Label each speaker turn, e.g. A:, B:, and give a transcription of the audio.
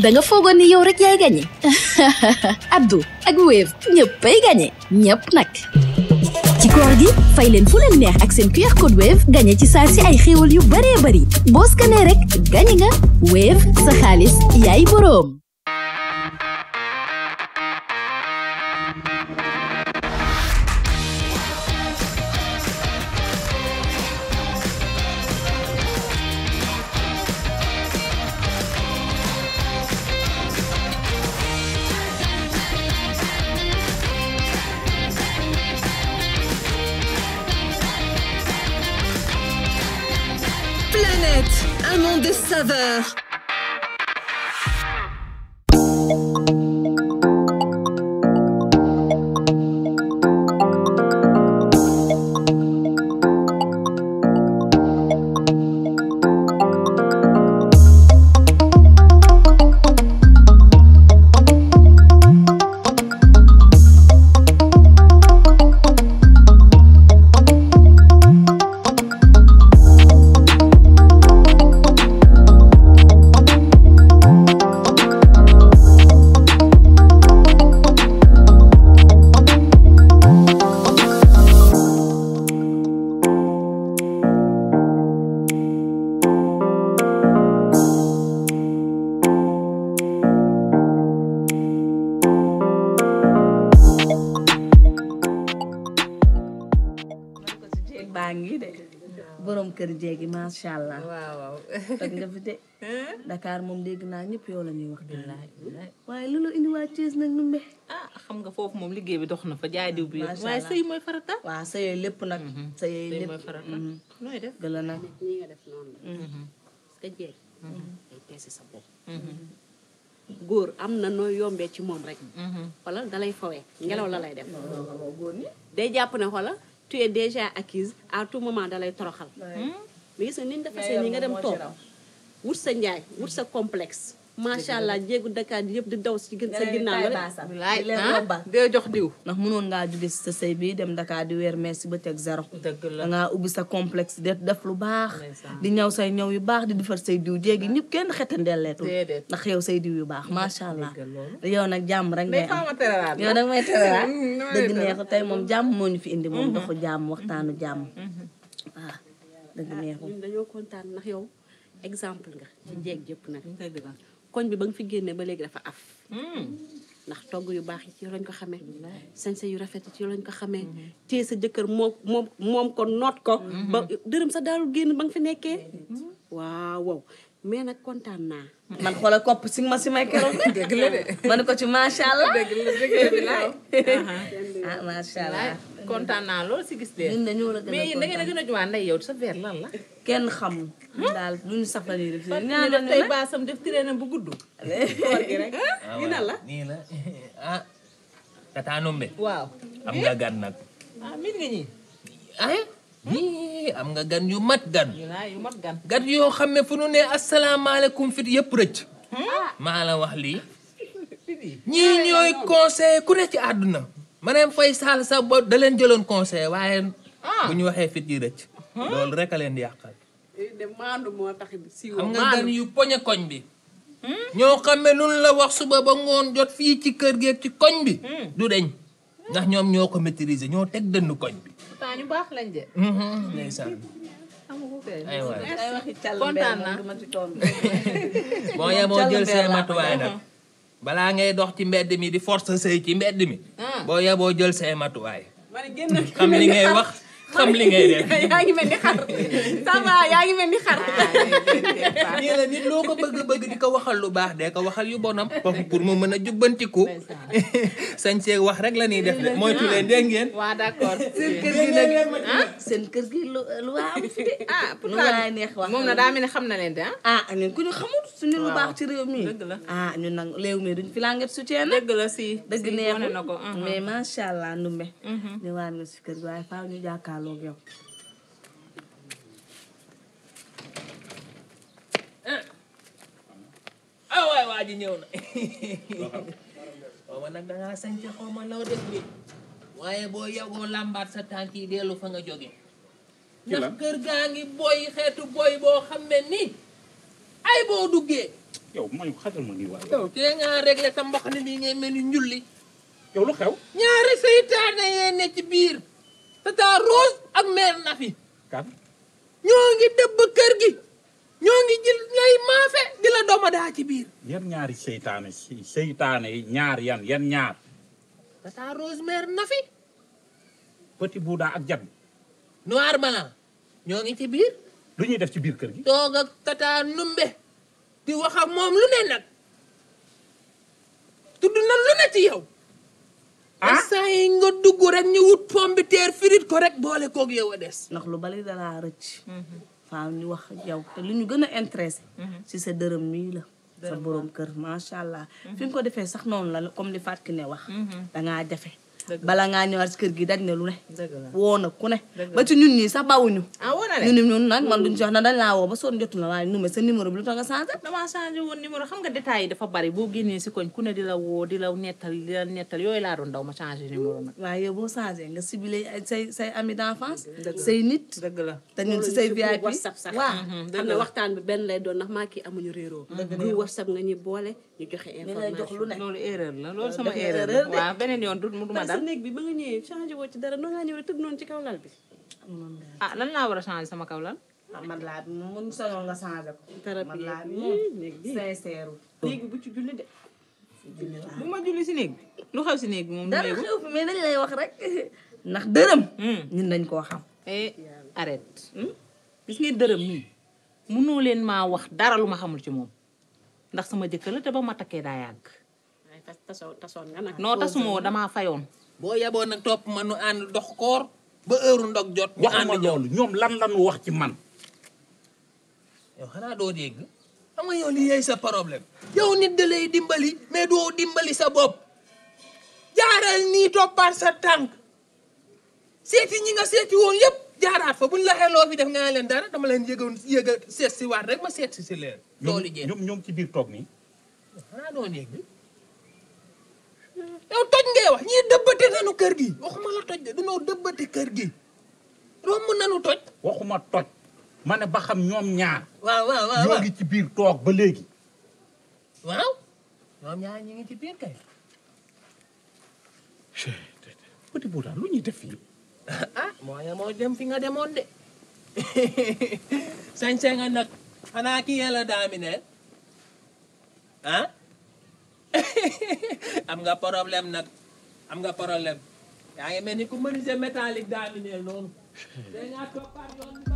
A: da nga foogoon ni yow rek yaay gagné Abdou ak Wave ñëppay gagné ñëpp nag. ci koor gi fay leen fu leen neex ak seen QR ko Wave gagné ci saa si ay xéewal yu bëree bëri boo scanné rek gagné nga Wave sa xaalis yaay boroom.
B: saveur.
A: ngi de boroom kër jéegi macha allah. waaw waaw toog nga fi moom dégg naa ñëpp yow la ñuy wax. waaye lu la indi waa Thiès nag numbe ah xam nga foofu moom liggéey bi dox na fa jaay diw bi. macha allah waaye sëy mooy farata. waaw sëy lépp nag. Mhm. sëy yooyu lépp mooy mhm. def gën la nag. def noonu la. Mhm. sa bopp. góor am na noo yombee ci moom rek. wala dalay fawee ngelaw la lay def. day jàpp ne xoolal. tu es déjà acquise à tout moment dalay toroxal hmm? mais gis ni ñu nii nga dem toog wut sa njaay wut sa complexe macha allah jéegu Dakar yëpp di daw si gën sa ginnaaw la ah? dee jox diw ndax mënoon ngaa jóge si sa sëy bii dem Dakar di weer merci ba teg zéro dangaa ubbi sa complexe de def lu baax di ñaw say ñaw yu baax di defar say diw jéegi ñëpp kenn xetandelleetul ndax yow say diw yu baax macha allah yow nag jàmm rek ngay am yow nag may teraal dëgg neexu tey moom jàmm moo ñu fi indi moom mhm. doxu jàmm waxtaanu mhm. jàmm mhm. waaw dëgg ah, neexu kontaan ndax yow exemple nga ci jeeg jëpp nag koñ bi ba nga fi génnee ba léegi dafa af hmm. ndax togg yu baax yi ci lañ ko xame sañse yu rafet yi ci lañ ko xamee hmm. téye sa jëkkër moom moom moom ko noot ko hmm. ba dërëm sa daalul génn ba nga fi nekkee waaw wow mais nag kontaan naa man xoolal kopp si ma si may keroog dégg la ko ci macha allah dégg allah kontaan naa lool si gis leen. ñun la mais yéen da ngeen a gën a juwaan nday yow sa lan la. kenn xamul. daal lu ñu saf la ñuy def. ñaan nañu tey baasam def tireenam bu gudd. koor gi
B: ah, nii na la nii na
A: ah. ah
B: ñii. Ah, am nga gan yu mat gan.
A: yu mat
B: yoo xam ne fu nu ne asalaamaaleykum fit yëpp rëcc. Hmm? maa la wax lii.
A: ñii ñooy
B: conseil ku ne ci àdduna. maneem fay saal sa bo da leen jëloon conseil waaye. Ah. bu ñu waxee fit yi rëcc. Hmm? loolu rek a leen di yàqal.
A: Eh, de maandu moo tax siiw xam nga
B: koñ bi. Hmm? xam ne lu la wax suba ba ngoon jot fii ci kër gi ci koñ bi. Hmm? deñ ndax ñoom ñoo ko maîtriser ñoo teg dënnu koñ bi.
A: baax lañ de. ndeysaan. moo yemoo jël seen matuwaay nag. Uh-huh.
B: balaa ngay dox ci mbedd mi di force sëy ci mbedd mi. Uh-huh. boo yeboo jël say matuwaay. xam li ngay wax. xam li ngay def
A: yaa ngi mel ah, ko
B: bëgg bëgg ko waxal lu baax de ko waxal yu bonam. pour mu mën a jubbantiku. sañ wax rek la ñuy def de moytu leen dégg ngeen. waaw d'accord
A: seen kër gi nag ah, seen lu lu waaw fi de ah pourtant neex wax moom na daa mel ne xam na leen de ah. ah ñun ku ñu xamul suñu lu baax ci réew mi. Ah, nag la si dëgg neexul uh-huh. mais macha allah Ndumbe. Uh-huh. ñëwaat nga si kër gi waaye faaw ñu jàkkaarloo jàkkaarloo
B: ak eh! ah waay waa ji ñëw na xaw ma nag dangaa sañ ci xaw loo def bi waaye boo yegoo làmbaat sa tànk yi dellu fa nga jóge ndax kër gaa ngi boy xeetu boy boo xam ne nii ay boo duggee yow man xagal ma nii waaye yow tee ngaa réglé sa mboq ni ngay mel njulli yow lu xew ñaari seytaane yee ne ci biir te taa roo meer na kan ñoo ngi dëbb kër gi ñoo ngi jël lay maafe di dooma daa ci biir yan ñaari seytaane seytaane yi ñaar yan yan ñaar tata Rosemère na fi petit Bouddha ak jab noir malan ñoo ngi ci biir lu ñuy def ci biir kër gi toog ak numbe di wax moom lu ne nag tudd na lu ne ci yow ah
A: saa yi nga dugg rek ñu wut pombiteer firit ko rek boole koog yow a des. ndax lu bari dalaa rëcc. Mhm. faaw ñu wax yow te li ñu gën a intéressé. si mhm. sa dërëm mii la. sa borom kër macha allah. Mhm. fi nga ko defee sax noonu la comme li Fatou Kiné wax. da ngaa jafe. bala ngaa ñëwaat si kër gi daj ne lu ne. woo na ku ne. ba ci ñun ñii sax bawuñu. ah la de. ñu ni ñun nag man mm. duñ si wax na dañ laa woo ba sonn jotu la waaye numéro sa numéro bi lu tax nga boo génnee si koñ ku ne di yooyu laa doon ma changé numéro nag. waaye yow boo changé nga say say ami d'enfance. say nit. dëgg la te ñun si say VIP. whatsapp sax waaw mm-hmm. xam nga waxtaan benn lay doon ndax maa kii amuñu réeroo. dëgg whatsapp nga ñu boole ñu joxe information. loolu erreur la loolu sama erreur la waaw beneen yoon du ma dal. parce ba nga ñëwee changé woo ci dara noonu laa ñëwee tëdd noonu ci kaw lal bi ah lan laa war a changer sama kaw lan. Ah, man laa bi mun soñoon nga changé ko. man laa bi hmm, néeg bi bu ci julli de. bu ma julli si néeg bi lu xew si néeg moom. dara xew fi mais dañ lay wax rek ndax dërëm. Hmm. ñun dañ koo xam. eh arrête. Hmm? gis ngeen dërëm nii munoo leen maa wax dara lu ma xamul ci moom ndax sama jëkkër la te ba ma takkee daa yàgg. tas tasoon nga nag. non tasuma damaa fayoon.
B: boo yaboon nag topp ma nu ànd dox koor. ba heure ndog jot. waxuma loolu ñoom lan lañu wax ci man. yow xanaa doo dégg xam nga yow lii sa problème yow nit da lay dimbali mais doo dimbali sa bopp jaaral nii toppaat sa tànk seeti ñi nga seeti woon yëpp jaaraat fa buñ la xeloo fi def nga leen dara dama leen yëgoon yëga seet si waat rek ma seet si si leen. loolu jéem ñoom ñoom ci biir toog nii. xanaa yow toj ngay wax ñii dëbbate nanu kër gi waxuma la de dunoo dëbbate kër gi romb nanu toj waxuma toj ma ne ba xam ñoom ñaar waaw ci biir toog ba léegi waaw ñoom ñaar ngi ci biir kay Petit Bouddha lu ñuy def fii ah moo dem fi nga demoon de sañ-sañ nga nag xanaa ki yàlla am nga problème nag am nga problème yaa ngi mel ni ku menuisier métallique daanu ne noonu.